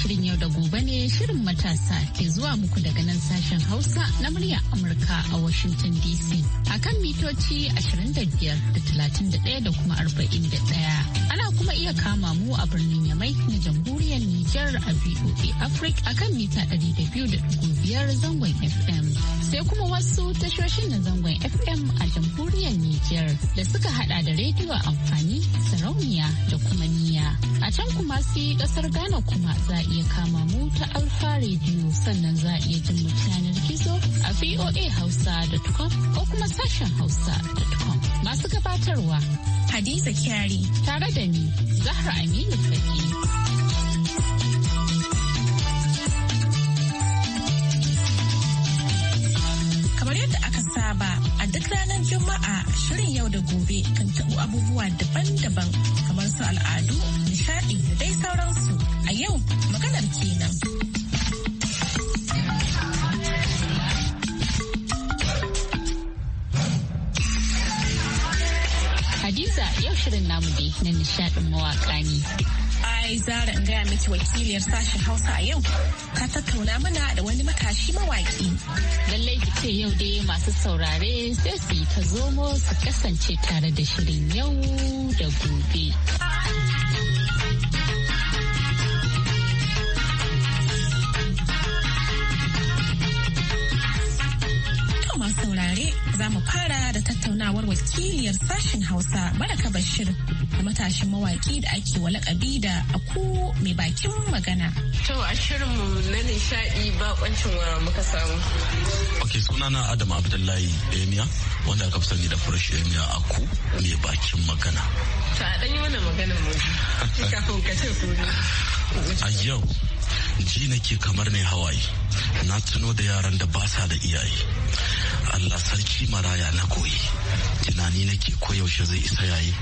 Shirin yau da gobe ne shirin matasa ke zuwa muku daga nan sashen Hausa na murya Amurka a Washington DC. A kan mitoci 25 da 31 da kuma 41. Ana kuma iya kama mu a birnin Yamai na jamhuriyar Nijar a VOA Africa a kan mita 200.5 zangon FM. Sai kuma wasu tashoshin na zangon FM a jamhuriyar Nijar da suka hada da rediyo amfani sarauniya da kuma can kuma sai kasar Ghana kuma za a iya kama mu ta Alfa Radio sannan za a iya jin mu yanar gizo a VOA Hausa.com ko kuma sashen Hausa.com. Masu gabatarwa Hadiza Kyari tare da ni Zahra Aminu Fage. saba a duk ranar Juma'a shirin yau da gobe kan taɓo abubuwa daban-daban kamar su al'adu, Chadi da dai sauransu. A yau maganar kenan. Hadiza yau shirin namu dai na nishadin mawaka ne. ai zara in gaya miki wakiliyar sashen hausa a yau ta tattauna mana da wani matashi mawaƙi. lallai ki ce yau dai masu saurare sai su yi ta zomo su kasance tare da shirin yau da gobe. za mu fara da tattaunawar wakiliyar sashen Hausa Baraka Bashir da matashin mawaki da ake wa lakabi da aku mai bakin magana. To a shirinmu na nishadi kwancin wa muka samu. Ok sunana Adam Abdullahi Emiya wanda aka fi sani da Fresh Emiya aku mai bakin magana. To a ɗanyi wannan magana mu kafin ka ce A yau ji nake kamar ne hawaye na tuno da yaran da ba sa da iyaye Allah sarki maraya na koyi tunani nake koyaushe zai isa yayi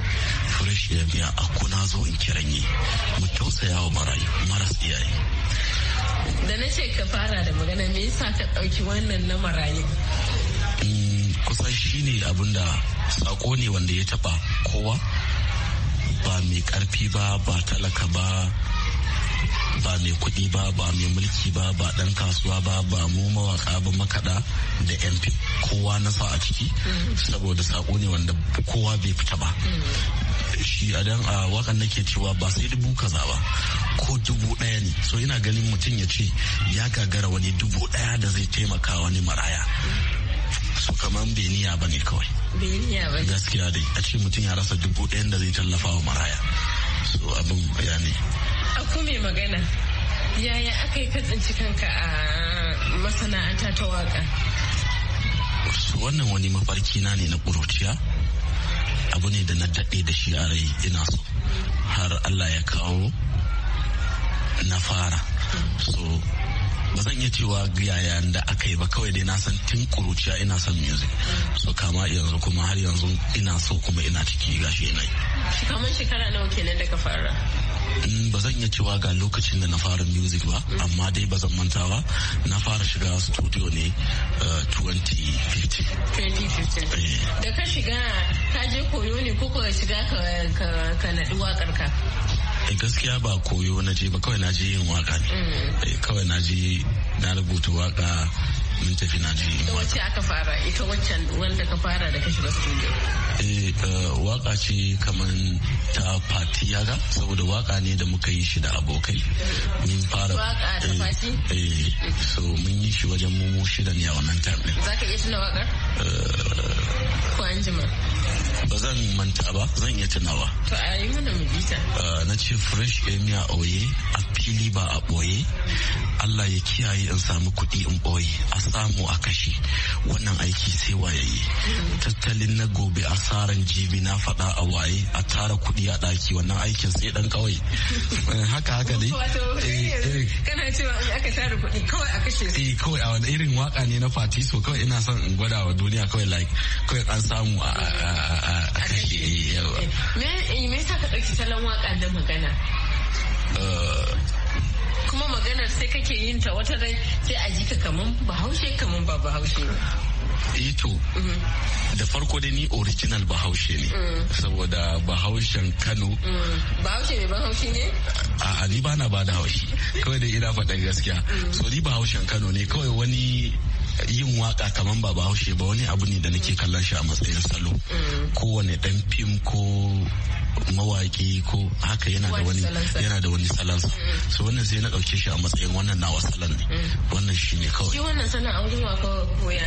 fresh ya biya a kuna zo in yi mu tausaya wa marayu maras iyaye da na ce ka fara da magana me yasa ka ɗauki wannan na marayu mm, kusan shine abinda sako ne wanda ya taɓa kowa ba mai karfi ba ba talaka ba ba mai kuɗi ba ba mai mulki ba ba ɗan kasuwa ba ba mu mawaka ba makaɗa da mp kowa na sa a ciki saboda saƙo ne wanda kowa bai fita ba shi a dan a wakan nake cewa ba sai dubu kaza ba ko dubu ɗaya ne so ina ganin mutum ya ce ya gagara wani dubu ɗaya da zai taimaka wani maraya so kamar beniya ba ne kawai gaskiya dai a ce mutum ya rasa dubu ɗaya da zai tallafa wa maraya so abin ya Ku mai magana yaya aka yi katsinci kanka a masana'anta ta waka wannan wani mafarki na ne na ƙuruciya abu ne da na daɗe da shi a rai ina so har allah ya kawo na fara so ba zan iya cewa yaya da aka yi ba kawai dai na san tun ƙuruciya ina son music so kama yanzu kuma har yanzu ina so kuma ina ciki gashi ina yi shekara nawa kenan daga fara ba zan iya cewa ga lokacin da na fara music ba amma dai ba zan manta ba na fara shiga studio ne 2015 eh, eh. da ka shiga ka je koyo ne ko ka shiga ka nadi waƙar ka eh, gaskiya ba koyo na je ba kawai na je yin waka ne mm. kawai na je na rubuta waka mun tafi na ji ita wacce aka fara ita waccan wanda ka fara da ka shiga studio eh waka ce kamar ta fati yaga saboda waka ne da muka yi shi da abokai mun fara waka ta eh, fati eh so mun yi shi wajen mu shida ne a wannan time din zaka iya tuna wakar eh, ko an ba zan manta ba zan iya tunawa. To a yi mana mujita. Eh, na ce fresh emia oye a fili ba a boye Allah ya kiyaye in samu kuɗi in ɓoye a samu a kashe wannan aiki sai waye yi tattalin na gobe a tsarin jibi na faɗa a waye a tara kuɗi a ɗaki wannan aikin sai dan kawai eh, haka haka ne. Eh, eh, kana cewa aka tara kuɗi kawai a kashe eh kawai a wani irin waka ne na fati so kawai ina son in gwada wa duniya kawai like kawai an samu a kashe me yasa ka ɗauki salon waka da magana kuma maganar sai kake yin ta wata dai sai a ji ka kaman bahaushe kaman ba bahaushe Ito eh da farko da ni original bahaushe ne saboda bahaushen kano mm. bahaushe ne bahaushe ne a ni ba na ba da haushi kawai da ina faɗin gaskiya so ni bahaushen kano ne kawai wani yin waka kamar ba bahaushe ba wani abu ne da nake kallon shi a matsayin salo mm. kowane dan fim ko mawaki ko haka yana da wani yana da wani salansa mm. so wannan sai na dauke shi a matsayin wannan nawa salan ne mm. wannan shi ne kawai shi wannan salan a wurin waka koya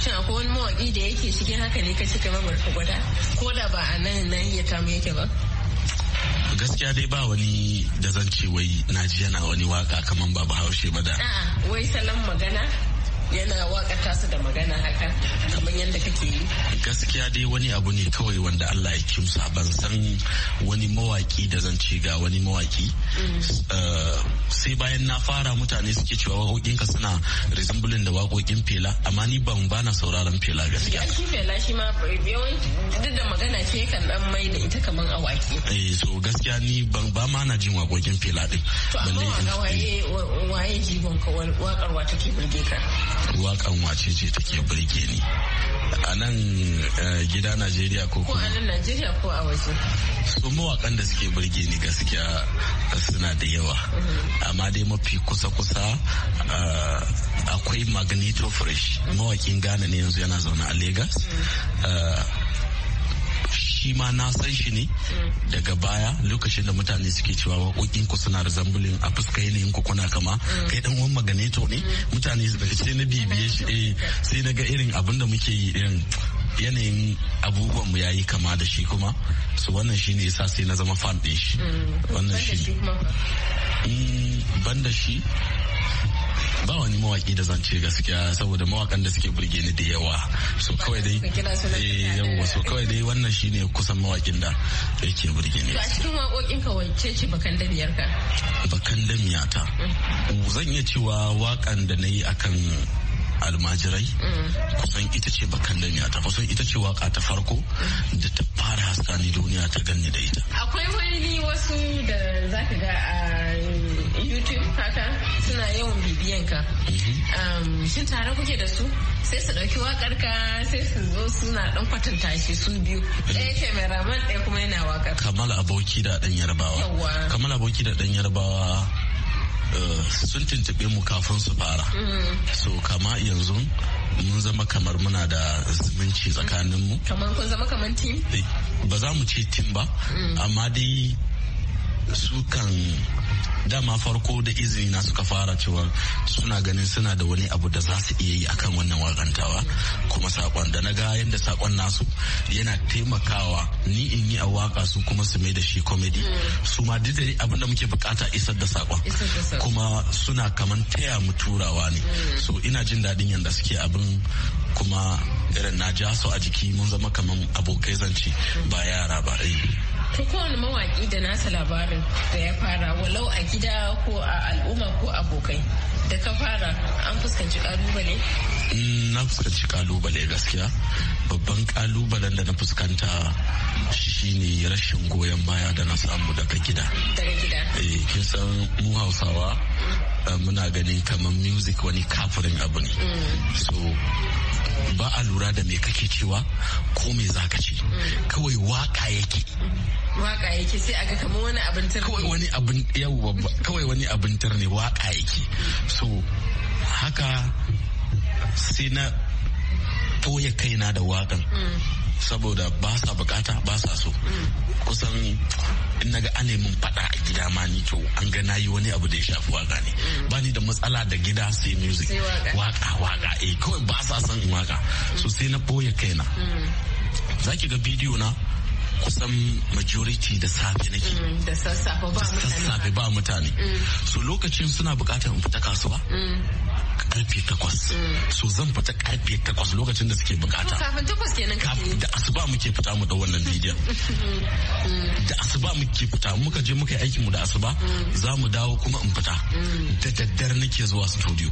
shin akwai wani mawaki da yake cikin haka ne ka kamar ba barka gwada ko da ba a nan nan ya tamu yake ba gaskiya dai ba wani da zan ce wai na ji yana wani waka kamar babu haushe ba da wai salon magana yana wakata su da magana haka kamar yadda kake yi gaskiya dai wani abu ne kawai wanda Allah ya kimsa ban san wani mawaki da zan ce ga wani mawaki eh, sai bayan na fara mutane suke cewa waƙoƙinka suna resembling da waƙoƙin fela amma ni ban bana sauraron fela gaskiya shi fela shi ma yawanci duk da magana ce kan dan mai da ita kaman awaki eh so gaskiya ni ban ba ma na jin waƙoƙin fela din to amma waye waye jibon ka waƙar wa take burge ka wakan wace ce take burge ni a nan eh, gida najeriya ko kuma a najeriya ko a waje su mawakan da suke burge ni gaskiya suna da yawa mm-hmm. amma dai mafi kusa-kusa eh, akwai magneto fresh mawakin ghana ne yanzu yana zaune a Legas. Mm-hmm. Eh, shi ma na san shi ne daga baya lokacin da mutane suke cewa waƙoƙin ku suna zambulin a fuska yanayin ku kuna kama kai dan wani maganeto ne mutane sai na bibiye shi eh, sai na ga irin abin da muke yi irin yanayin abubuwan mu yayi kama da shi kuma su wannan ya yasa sai na zama fan din shi mm. wannan shi ban da shi ba wani mawaki da zan ce gaskiya saboda mawakan da suke burge ni da yawa so kawai dai eh yawa so kawai dai wannan shine kusan mawakin da yake burge ni a cikin wakokin ka ce bakan ka bakan ta mm. zan iya cewa wakan da nayi akan almajirai mm. kusan ita ce bakan damiya ta kusan ita ce waka ta farko mm. da ta fara haskani duniya ta ganni da ita akwai wani wasu da zaka ga a youtube haka suna yawan bibiyan ka um, shin tare kuke da su sai su ɗauki wakar ka sai su zo suna ɗan kwatanta shi su biyu ɗaya cameraman ɗaya kuma yana wakar kamal aboki da ɗan yarbawa kamal aboki da ɗan yarbawa uh, sun tuntube mu kafin su fara mm. so kama yanzu mun zama kamar muna da zumunci tsakaninmu kamar kun zama kamar tim eh, ba za mu ce tim ba mm. amma dai sukan dama farko da izini na suka fara cewa suna ganin suna da wani abu da za su iya yi akan wannan wakantawa kuma sakon da na ga yadda sakon nasu yana taimakawa ni in yi a waka su kuma su mai da shi komedi su ma duk abin da muke bukata isar da sakon kuma suna kaman taya mu turawa ne mm. so ina jin daɗin yadda suke abin kuma irin na ja su a jiki mun zama kaman abokai zance ba yara ba ta kowane mawaƙi da nasa labarin da ya fara walau a gida ko a al'umma ko abokai da ka fara an fuskanci kalubale? Mm, na fuskanci kalubale gaskiya. Babban kalubalen da na fuskanta shine rashin goyon baya da na samu daga gida. Eh, kin san mu Hausawa eh, muna ganin kamar music wani kafirin abu ne. Mm. So ba a lura da me kake cewa ko me zaka ce kawai waka yake waka yake sai aga kamar wani abin tarne kawai wani abin yau kawai wani abin tarne waka yake so haka sai na toye kaina da wakan saboda ba sa bukata ba sa so kusan in naga ane mun fada gida ma ni to an ga nayi wani abu da ya shafi waka ne mm. ba ni da matsala da gida sai music waka waka eh kawai ba sa son in waka mm. so sai na boye kaina mm. zaki ga bidiyo na kusan majority da safe nake da sassafe ba mutane so lokacin suna bukatar in fita kasuwa karfe takwas mm. so zan fita karfe takwas lokacin da suke bukata kafin takwas kenan da asuba muke fita mu da wannan bidiyon mm. da asuba muke fita muka je muka yi aikin mu da asuba mm. za mu dawo kuma in fita da daddare nake zuwa studio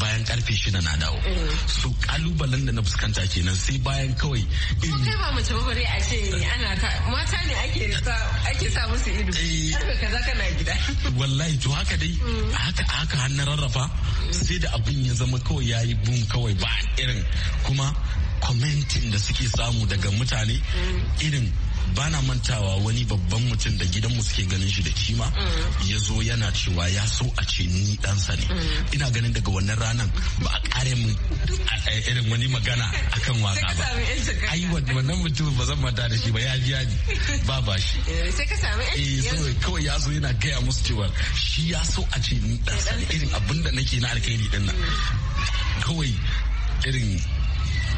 bayan karfe shida na dawo so kalubalen da na fuskanta kenan sai bayan kawai in kai ba mace bare a ce ana mata ne ake sa musu ido eh. kaza kana gida wallahi to haka dai haka haka har na rarrafa sai da abin ya zama kawai ya yi bum kawai ba irin kuma kwamentin da suke samu daga mutane mm. irin ba na mantawa wani babban mutum da gidanmu suke ganin shi da kima mm. ya zo yana cewa ya so a ce ni ɗansa ne mm. ina ganin daga wannan ranar ba a kare mu irin wani magana akan waka ba ai wannan mutum ba zan manta da shi ba ya biya ni ba ba shi eh, sai ka samu eh kawai ya zo yana gaya musu cewa shi ya so a ce ni ɗansa ne irin abin da nake na alkhairi ɗin nan mm. kawai irin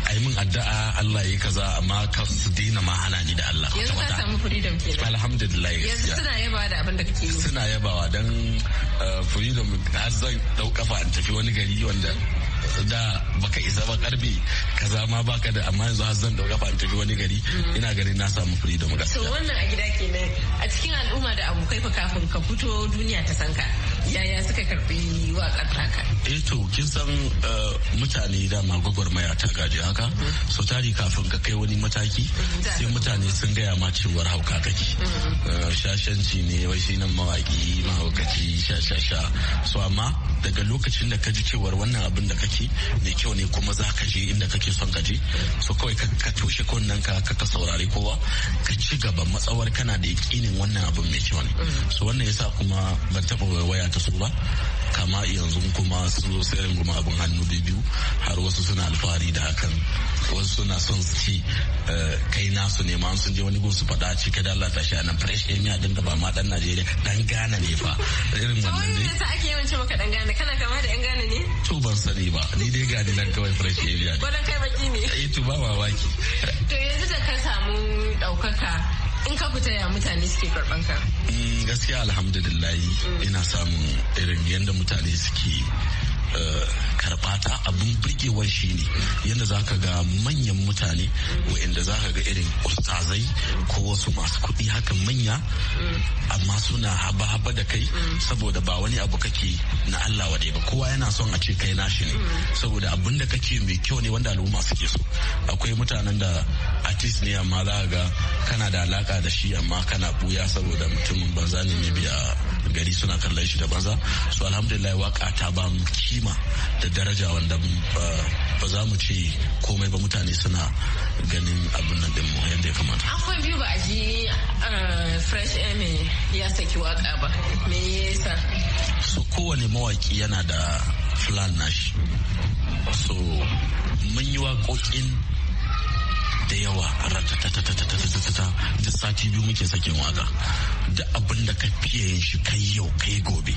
a yi min addu'a Allah ya yi kaza amma ka su daina ma hana ni da Allah yanzu ka samu freedom kenan alhamdulillah yanzu suna yabawa da abin da kake yi suna yabawa dan eh, freedom har zan dau kafa in tafi wani gari wanda da baka isa ba karbe kaza ma baka da amma yanzu zan dauka fa tafi wani gari ina gari na samu freedom gaskiya to wannan a gida kenan a cikin al'umma da abokai fa kafin ka fito duniya ta san ka yaya suka karbi waƙar taka eh to kin san eh, mutane dama gwagwarmaya ta gaji haka so tari kafin ka kai wani mataki mhm. sai mutane sun gaya ma cewar hauka kake mhm. eh, shashanci ne wai shi nan mawaki mahaukaci shashasha so amma daga lokacin da ka ji cewar wannan abin da kake aiki mai kyau ne kuma za ka je inda kake son ka je so kawai ka toshe kunnen ka ka saurari kowa ka ci gaba matsawar kana da yakinin wannan abin mai kyau ne mm. so wannan yasa kuma ban taba waya ta su ba kama yanzu kuma sun zo sayan kuma abin hannu biyu har wasu suna alfahari da hakan wasu suna son su ci eh, kai nasu ne ma sun je wani gun su faɗa ci kada Allah ta a nan fresh emia din da ba ma dan Najeriya dan Ghana ne fa irin wannan ne ake yawan cewa maka dan Ghana kana kama da yan Ghana ne to ban sani ba ni dai ga nan kawai fresh area wannan kai baki ne eh to ba mamaki to yanzu da ka samu daukaka in ka fita ya mutane suke karban ka mm, gaskiya alhamdulillah mm. ina samun irin yanda mutane suke karbata abin birgewar shi ne yadda za ka ga manyan mutane wa'inda za ka ga irin ustazai ko wasu masu kuɗi hakan manya amma suna haba-haba da kai saboda ba wani abu kake na Allah wadai ba kowa yana son a ce kai nashi ne saboda abin da kake mai kyau ne wanda al'umma suke so akwai mutanen da artist ne amma za ka ga kana da alaka da shi amma kana buya saboda mutumin banza ne ne biya gari suna kallon shi da banza so alhamdulillah waka ta ba mu kima da daraja wanda uh, ba za mu ce komai ba mutane suna ganin abin nan din mu yadda ya kamata akwai biyu ba a ji uh, fresh air ya saki waka ba me yasa so kowane mawaki yana da plan nashi so mun yi waƙoƙin da yawa ratatatatatatata da sati biyu muke sakin waka da tafiye shi kai yau kai gobe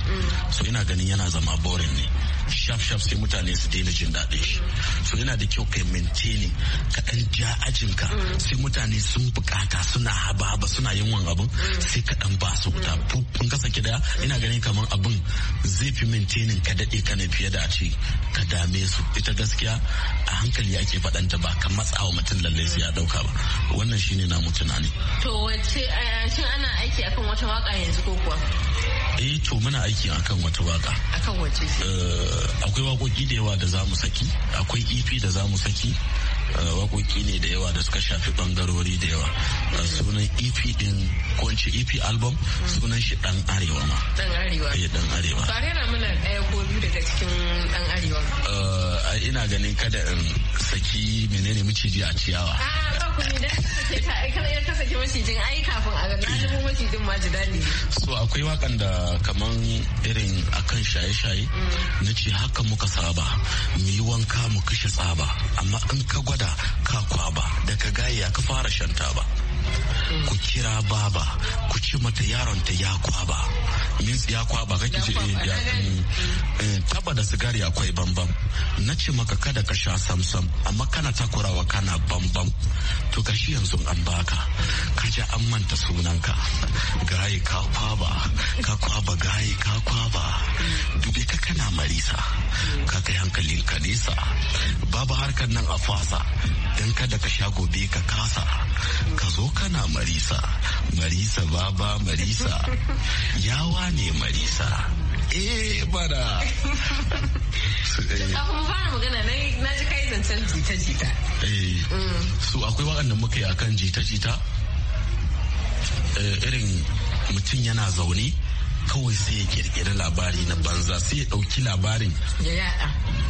so ina ganin yana zama boring ne shaf shaf sai mutane su daina jin daɗin shi so yana da kyau kai mintini ka ɗan ja ajinka sai mutane sun bukata suna haba ba suna yawan abin sai ka ɗan ba su wuta kun kasance daya ina ganin kamar abin zai fi maintaining ka daɗe kana fiye da a ce ka dame su ita gaskiya a hankali ake ta ba ka matsa wa mutum lallai sai ya ɗauka ba wannan shine mu tunani. To wace shin ana aiki akan wata waka yanzu ko kuwa? Eh to muna aiki akan wata waka. Akan wace? akwai waƙoƙi da yawa da za mu saki akwai ep da za mu saki eh, waƙoƙi ne da yawa da suka shafi ɓangarori da yawa eh, sunan ep din ko in ce ep album sunan shi dan arewa ma dan arewa eh dan arewa fare na mana ɗaya ko biyu daga cikin dan arewa eh, ina ganin kada in saki menene ji a ciyawa ah, a ai kafin a lalubo macijin ma ji daɗi. So akwai wakan da kaman irin akan shaye-shaye na ce haka muka saba mu yi wanka mu kashe tsaba amma in ka gwada ka kwaba daga gaya ka fara shanta ba. ku kira baba ku ci mata yaron ta ya kwaba means ya kwaba ki ce eh, ya eh. Eh, taba da sigari akwai bambam na ce maka kada ka sha samsam amma kana takurawa kana bambam to gashi yanzu an baka ka ji an manta sunanka gayi ka kwaba ka kwaba gayi ka kwaba dube ka kana marisa ka kai hankalin ka babu harkar nan a fasa Idan kada ka sha gobe ka kasa ka zo kana marisa marisa baba marisa yawa ne marisa eh bada eh. kafin fara magana na ji kai zancen jita-jita eh. mm. su akwai waɗanda muka yi akan jita-jita eh, irin mutum yana zaune kawai sai ya kirkiri labari na banza sai ya ɗauki labarin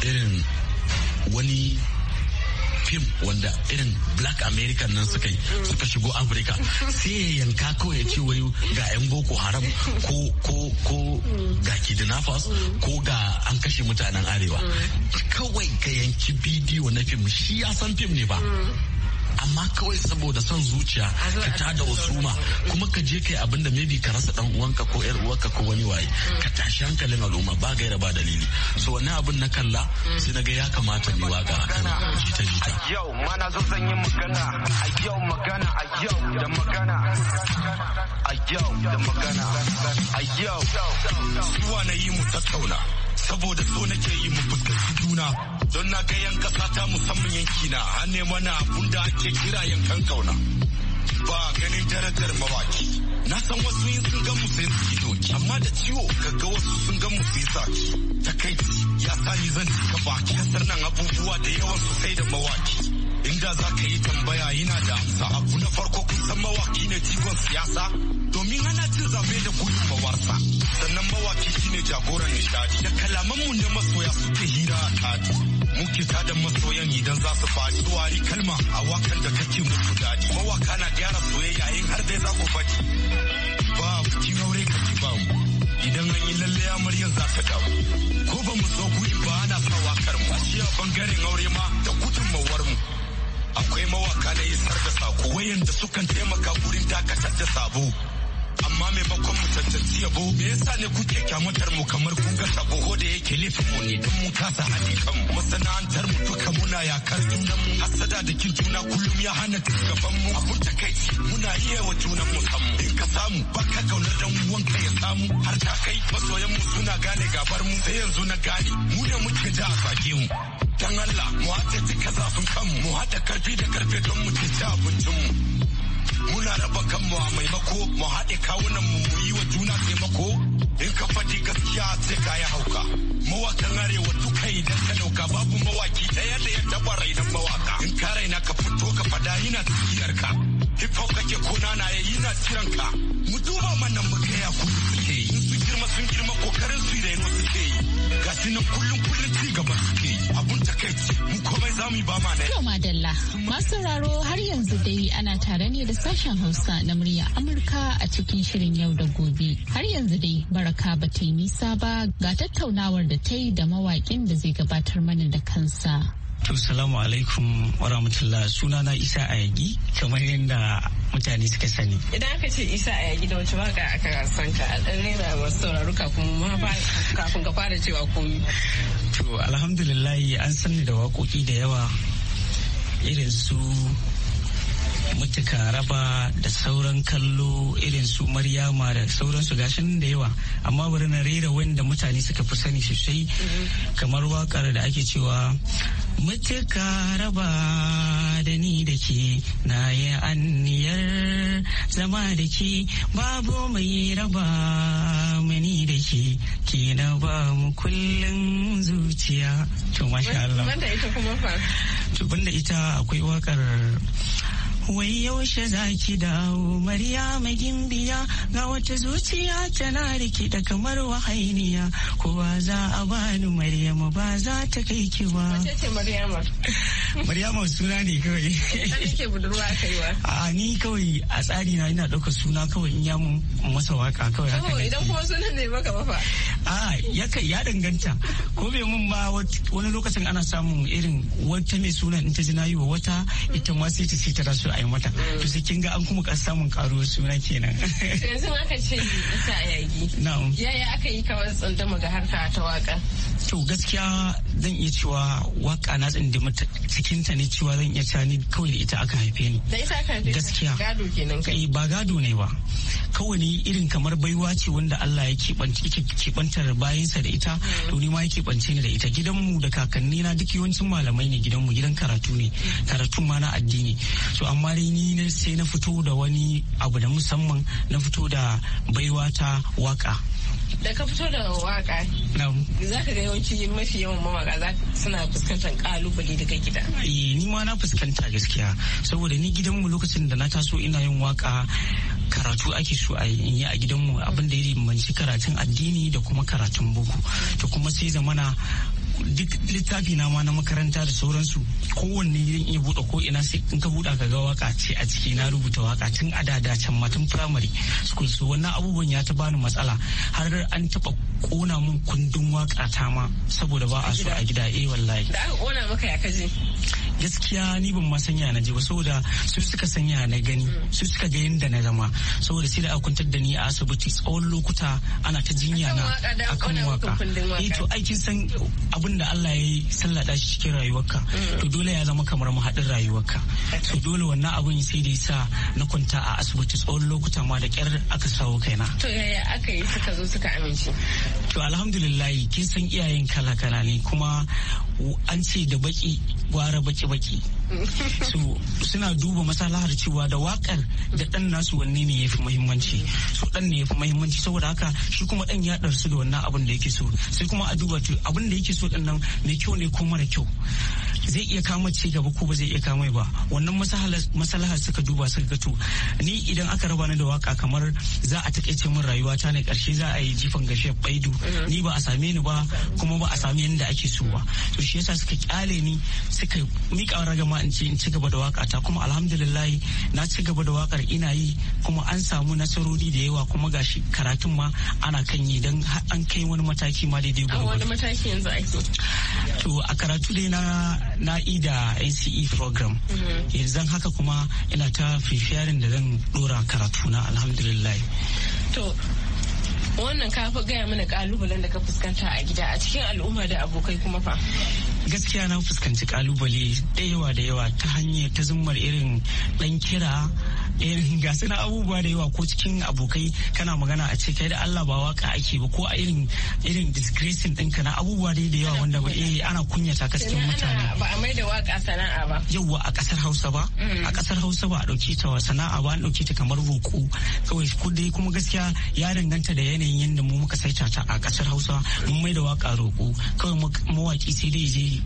irin wani fim wanda irin black american nan suka yi suka shigo afirka sai ya yanka kawai ya ce wai ga yan boko haram ko ko ko ga kidnappers ko ga an kashe mutanen arewa kawai ka yanki bidiyo na fim shi ya san fim ne ba amma kawai saboda son zuciya ka da husuma kuma ka je kai abin da maybe ka rasa dan uwanka ko yar uwarka ko wani waye mm. ka tashi hankalin al'umma ba gaira ba dalili so wannan abin na kalla mm. sai na ga ya kamata mu waka akan jita jita yau ma zan yi magana a yau magana a yau da magana a yau da magana a yau zuwa na mu tattauna saboda so nake yi mu fuskanci juna don na ga yan kasa ta musamman yanki na an mana abun da ake kira yankan kauna ba ganin darajar mawaki na san wasu yin sun ga musu yin suke doki amma da ciwo kaga wasu sun ga musu yi saki kai ya sa ni zan cika baki kasar nan abubuwa da yawan sosai da mawaki inda za ka yi tambaya yana da amsa abu na farko kun san mawaki na jigon siyasa ana cin zabe da kuɗi mawarsa sannan mawaki shine jagoran nishadi da kalamanmu ne masoya suke hira a tadi muke tada masoyan idan za su faɗi wani kalma a wakan da kake musu daɗi mawaka na gyara soyayya yayin har dai za ku faɗi ba ki aure ka ki ba idan an yi lalle amaryar za ta damu ko ba mu so guri ba ana sa wakar mu a bangaren aure ma da mawar mu akwai mawaka na isar da sako wayanda sukan taimaka gurin dakatar da sabo amma mai mu ya yabo me yasa ne kuke kyamatar mu kamar kun ga sabo da yake laifin mu ne don mun kasa haɗe kanmu masana'antar mu duka muna yakar junan mu hasada da kin juna kullum ya hana gaban mu kunta kai, muna iya wa junan mu samu in ka samu baka kaunar dan wanka ya samu har ta kai masoyan mu suna gane gabar mu sai yanzu na gane mu ne muke da a zage mu dan Allah mu hace tuka zafin kanmu mu hada karfi da karfe don mu ci mu muna raba kanmu a maimako mu haɗe kawunan mu yi wa juna taimako in ka faɗi gaskiya sai ka yi hauka mawakan arewa duka idan ka ɗauka babu mawaki ɗaya da ya taɓa rainan mawaka in ka raina ka fito ka faɗa yana tafiyar ka hip hop kake kona na yayi na kiran ka mu duba mana mu ga ya kullum suke yi su girma sun girma kokarin su da yano suke yi ga nan kullum kullum ci gaba suke yi abun takaici mu komai za mu yi ba ma na yau madalla masu sauraro har yanzu dai ana tare ne da sashen hausa na murya amurka a cikin shirin yau da gobe har yanzu dai baraka ba ta yi nisa ba ga tattaunawar da ta yi da mawakin da zai gabatar mana da kansa To salamu alaikum warahmatullah na Isa Ayagi kamar yadda mutane suka sani. Idan aka ce Isa Ayagi da wace waka aka san ka dan rera wasu sauraro kafin ka fara cewa komi. To alhamdulillah an ni da waƙoƙi da yawa irin su mutuka raba da sauran kallo irin su maryama da sauransu gashin da yawa amma bari na rera wanda mutane suka fi sani sosai kamar wakar da ake cewa mutuka raba da ni da ke na yi anniyar zama da ke babu mai raba mani da ke ke na ba mu kullum zuciya to Allah ita kuma fa to ita akwai wakar wai yaushe ki dawo maryama gimbiya ga wata zuciya tana rikida kamar wahainiya kowa za a bani maryama ba za ta kai ki ba maryama suna ne kawai a ni kawai a tsari na ina ɗaukar suna kawai in yamu masa waka kawai haka idan kuma sunan ne baka ba fa a ya danganta ko bai mun ba wani lokacin ana samun irin wata mai sunan in ta ji na yi wa wata ita ma sai ta ce ta rasu a yi mata to sai kin ga an kuma ka samun karuwar suna kenan yanzu aka ce isa yagi yaya aka yi kawai tsundama ga harka ta waka to gaskiya zan iya cewa waka na tsin da cikin ne cewa zan iya cewa ni kawai da ita aka haife ni da ita aka gaskiya gado kenan kai eh, ba gado ne ba kawai ni irin kamar baiwa ce wanda Allah ya keɓantar bayansa da ita to ni ma ya keɓance ni da ita gidanmu da kakanni na duk yawancin malamai ne gidanmu gidan karatu ne karatu ma na addini to amma dai ni sai na fito da wani abu da musamman na fito da baiwa ta waka da ka fito da waka za ka ga yawanci mafi yawan mawaka za suna fuskantar kalubale daga gida eh, ni ma na fuskanta gaskiya saboda ni gidanmu lokacin da na taso ina yin waka karatu ake so a yi a gidanmu abinda ya rimanci karatun addini da kuma karatun boko to kuma sai zamana duk littafi na ma na makaranta da sauransu kowanne yin iya buɗe ko ina sai in ka buɗe ka ga waka ce a ciki na rubuta waka tun a dada can ma firamare primary school so wannan abubuwan ya ta bani matsala har an taɓa ƙona min kundin waka ta ma saboda ba a so a gida eh wallahi da aka ƙona maka ya kaje gaskiya ni ban ma sanya na je ba saboda su suka sanya na gani su suka ga yadda na zama saboda sai da aka kwantar da ni a asibiti tsawon lokuta ana ta jinya na akan waka eh to aikin san abin da Allah ya sallada shi cikin rayuwarka mm. to dole ya zama kamar mahadin rayuwarka to dole wannan abin sai da yasa na kwanta a asibiti tsawon lokuta ma da kyar aka sawo kaina to yaya aka yi suka zo suka amince to alhamdulillah kin san iyayen kala kala ne kuma an ce da baki gwara baki baki so suna duba masalahar cewa da wakar da dan nasu wanne ne yafi muhimmanci so dan ne yafi muhimmanci saboda haka shi kuma dan ya darsu da wannan abin da yake so sai kuma a duba abin da yake so dan nan mai kyau ne ko mara kyau zai iya kama ci gaba ko ba zai iya kama ba wannan masalaha suka duba suka gato. ni idan aka raba ni da waka kamar za a takaice min rayuwa ta ne karshe za a yi jifan ya baidu mm-hmm. ni ba a same ni ba kuma ba a same da ake so ba to shi yasa suka kyale ni suka mika ragama in ce in ci gaba da waka ta kuma alhamdulillah na ci gaba da wakar ina yi kuma an samu nasarori da yawa kuma gashi karatun ma ana kan yi dan an kai wani mataki ma daidai gwamnati. A wani mataki yanzu ake? To a karatu dai na na ida ACE program yanzu haka kuma ina ta fifiyarin da zan dora karatu na alhamdulillah to wannan kafa gaya mana kalubalen da ka fuskanta a gida a cikin al'umma da abokai kuma fa gaskiya na fuskanci kalubale da yawa da yawa ta hanyar ta zumar irin dan kira irin ga suna abubuwa da yawa ko cikin abokai kana magana a ce kai da Allah ba waka ake ba ko a irin irin disgracing dinka na abubuwa dai da yawa wanda ba eh ana kunyata ka cikin mutane ba a mai da waka sana'a ba yawa a kasar mm. Hausa ba a kasar Hausa ba a dauke ta sana'a ba an dauke ta kamar roko kawai ku dai kuma gaskiya ya danganta da yanayin yadda mu muka saita ta a kasar Hausa mun mai da waka roko kawai mawaki sai dai je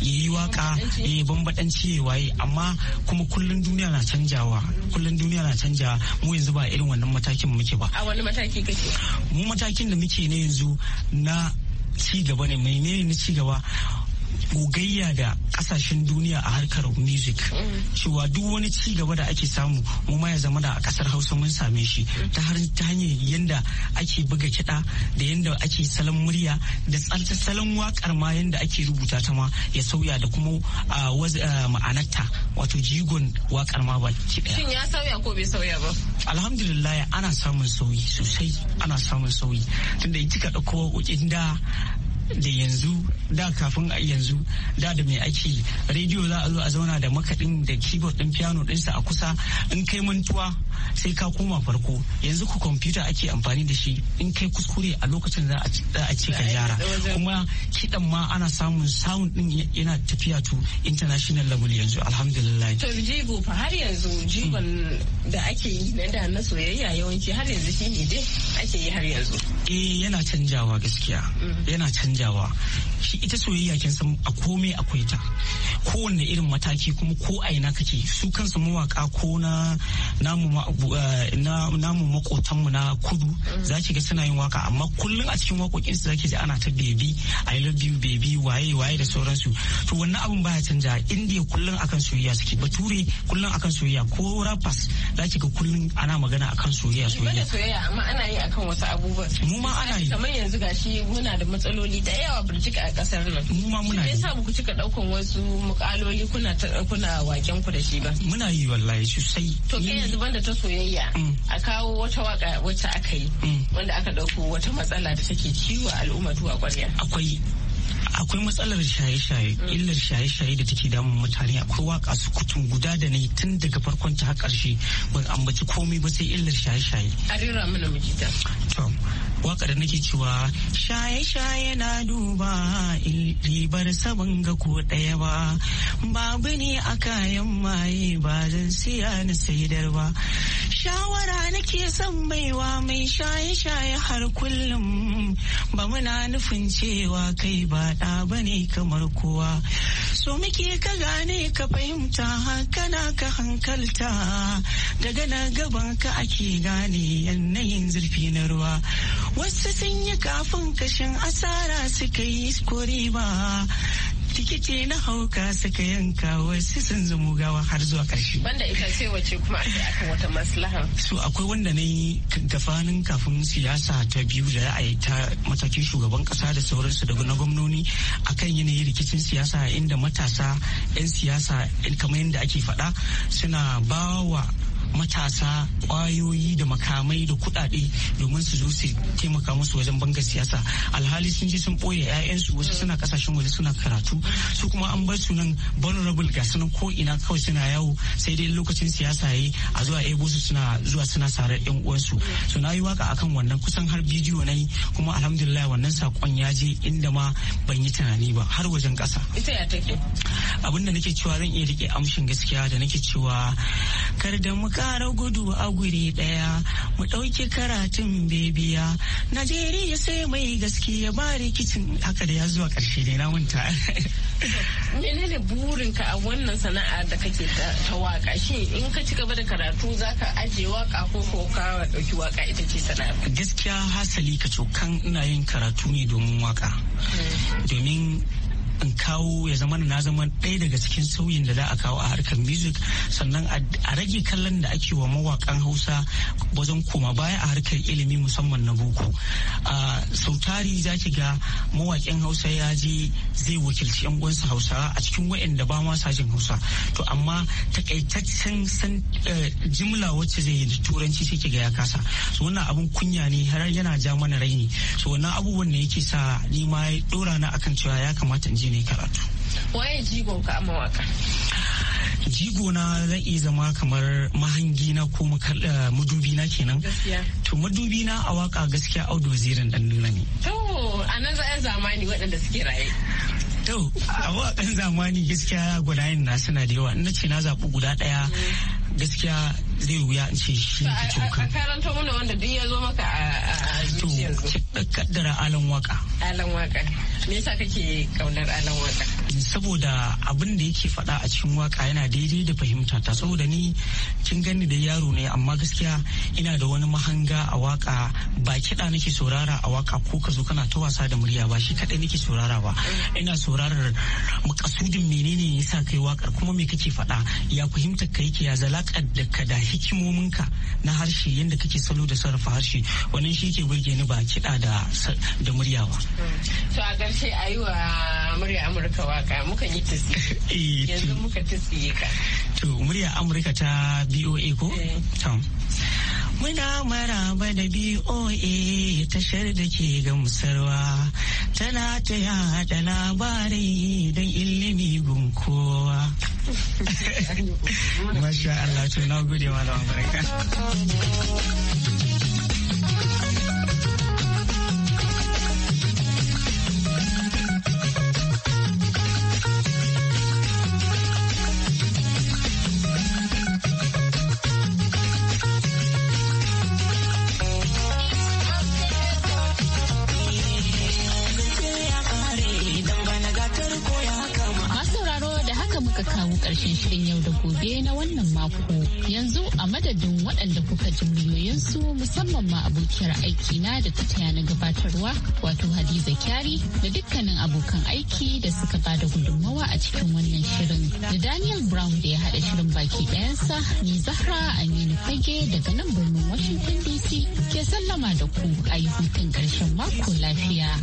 yi waka yi bambadanci ya waye amma kuma kullum duniya na canjawa kullum duniya na canjawa mu yanzu ba irin wannan matakin muke ba a wani mataki kake mu matakin da muke ne yanzu na ci gaba ne menene na ci gaba gogayya da kasashen duniya a harkar music cewa duk wani ci gaba da ake samu mu ma ya zama da a kasar hausa mun same shi ta hanyar yadda ake buga kiɗa da yadda ake salon murya da salon wakar ma yadda ake rubuta ta ma ya sauya da kuma ma'anarta wato jigon wakar ma ba shin ya sauya ko bai sauya ba alhamdulillah ana samun sauyi sosai ana samun sauyi tunda ka ɗauko wakokin da da yanzu da kafin a yanzu da da mai ake rediyo za a zo a zauna da makaɗin da keyboard ɗin piano ɗinsa a kusa in kai mantuwa sai ka koma farko yanzu ku kwamfuta ake amfani da shi in kai kuskure a lokacin za a ce ka gyara kuma kiɗan ma ana samun samun ɗin yana tafiya to international level yanzu alhamdulillah. to jibo fa har yanzu jibon da ake yi na da na soyayya yawanci har yanzu shi ne dai ake yi har yanzu. eh yana canjawa gaskiya mm. yana canjawa canjawa shi ita soyayya kin san a komai akwai ta kowanne irin mataki kuma ko a ina kake su kansu mawaka ko na namu eh, mu na kudu za ki ga suna yin waka amma kullun a cikin wakokin su zaki ji ana ta baby i love you baby waye waye da sauransu to wannan abun baya canja indiya kullun akan soyayya suke bature kullun akan soyayya ko rappers za ki ga kullun ana magana akan soyayya soyayya amma ana yi akan wasu abubuwa mu ma ana yi kamar yanzu gashi muna da matsaloli da yawa burjika a kasar nan. Mu ma muna yi. Me ku cika daukan wasu mukaloli kuna kuna waken ku da shi ba? Muna yi wallahi sosai. To kai yanzu banda ta soyayya mm. a kawo wata waka wacce aka yi mm. wanda aka dauko wata matsala da take ciwo al'umma zuwa kwarya. Akwai akwai matsalar shaye-shaye illar shaye-shaye da take damun mutane akwai waka su kutun guda da ne tun daga farkon ta har karshe ban ambaci komai ba sai illar shaye-shaye a rera mana mujita to waka da nake cewa shaye-shaye na duba ribar saban ga ko daya ba babu ne a kayan maye ba zan siya na saidar ba shawara nake son baiwa mai shaye-shaye har kullum ba muna nufin cewa kai ba ɗa ba ne kamar kowa so muke ka gane ka fahimta kana ka hankalta daga na gaban ka ake gane yanayin zurfi na ruwa wasu sun yi kafin kashin asara suka yi skori ba tikiti na hauka saka yanka wasu sun zumu gawa har zuwa karshe banda ita ce wace kuma a akan wata maslaha so akwai wanda na yi gafanin kafin siyasa ta biyu da a ta matakin shugaban kasa da sauransu daga na gwamnoni akan yanayin rikicin siyasa inda matasa 'yan siyasa kamar yadda ake faɗa suna bawa. matasa kwayoyi da makamai da kuɗaɗe domin su zo su taimaka musu wajen banga siyasa alhali sun ji sun ɓoye 'ya'yansu wasu suna kasashen waje suna karatu su kuma an bar su nan vulnerable ga sunan ko ina kawai suna yawo sai dai lokacin siyasa yayi a zuwa ebo su suna zuwa suna sarar yan uwansu so na yi waka akan wannan kusan har bidiyo na yi kuma alhamdulillah wannan sakon ya je inda ma ban yi tunani ba har wajen kasa ita ya take abinda nake cewa zan iya rike amshin gaskiya da nake cewa kar da muka tsara gudu a guri ɗaya mu ɗauki karatun bebiya najeriya sai mai gaskiya ba rikicin haka da ya zuwa karshe ne na wunta menene burinka a wannan sana'a da kake ta waka shi in ka ci gaba da karatu zaka ajiye waka ko ko ka dauki waka ita ce sana'a gaskiya hasali ka cokan ina yin karatu ne domin waka hmm. domin in kawo ya zama na zama ɗaya daga cikin sauyin da za a kawo a harkar music sannan a rage kallon da ake wa mawakan hausa wajen koma baya a harkar ilimi musamman na boko sau tari za ki ga mawakin hausa ya je zai wakilci yan gwansa hausa a cikin wa'anda ba ma jin hausa to amma takaitaccen san eh, jimla wacce zai yi da turanci sai ki ga ya kasa so wannan abun kunya ne har yana ja mana raini so wannan abubuwan ne yake sa ni ma ya dora na akan cewa ya kamata in je na yi karatu waye jigo ka waka? jigo na zan iya zama kamar mahangi na ko eh, madubi na kenan to madubi na a waka gaskiya audu wazirin dan nuna ne to a nan za'a zamani waɗanda suke raye to a waƙan zamani gaskiya gwanayen na suna da yawa ina ce na zaɓi guda ɗaya mm. gaskiya zai wuya in ce shi ne ke cokan. kan. karanta mana wanda duk ya zo maka a zuciyar. To, kaddara alan waka. Alan waka. Me yasa kake kaunar alan waka? saboda abin da yake faɗa a cikin waka yana daidai da fahimta ta saboda ni kin gani da yaro ne amma gaskiya ina da wani mahanga a waka ba kiɗa nake saurara a waka ko ka zo kana ta wasa da murya ba shi kaɗai nake saurara ba ina saurarar makasudin menene ya sa kai wakar kuma me kake faɗa ya fahimta ka yake ya zalaka da ka da hikimominka na harshe yadda kake salo da sarrafa harshe wannan shi ke burge ni ba kiɗa da murya ba. To a ƙarshe a yi wa murya Amurka waka muka yi ta eh, yanzu muka ta siye ka to murya amurka ta boa ko eh. Muna maraba da BOA tashar da ke gamsarwa tana ta yada labarai don ilimi gun kowa. Masha Allah to na gode malam barka. su musamman ma abokiyar aiki na da ta taya na gabatarwa wato Hadiza Kyari da dukkanin abokan aiki da suka ba da gudunmawa a cikin wannan shirin. Da Daniel Brown da ya haɗa shirin baki ɗayansa ni Zahra Aminu Fage daga nan birnin Washington DC ke sallama da ku a yi hutun ƙarshen mako lafiya.